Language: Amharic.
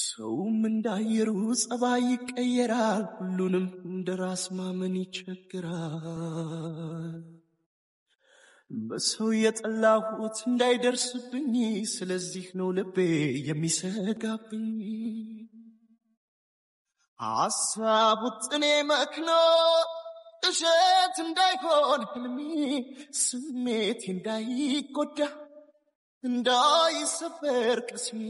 ሰውም እንዳየሩ ጸባይ ይቀየራል። ሁሉንም እንደ ራስ ማመን ይቸግራል። በሰው የጠላሁት እንዳይደርስብኝ፣ ስለዚህ ነው ልቤ የሚሰጋብኝ። አሳቡ ጥኔ መክኖ እሸት እንዳይሆን ህልሜ፣ ስሜቴ እንዳይጎዳ እንዳይሰበር ቅስሜ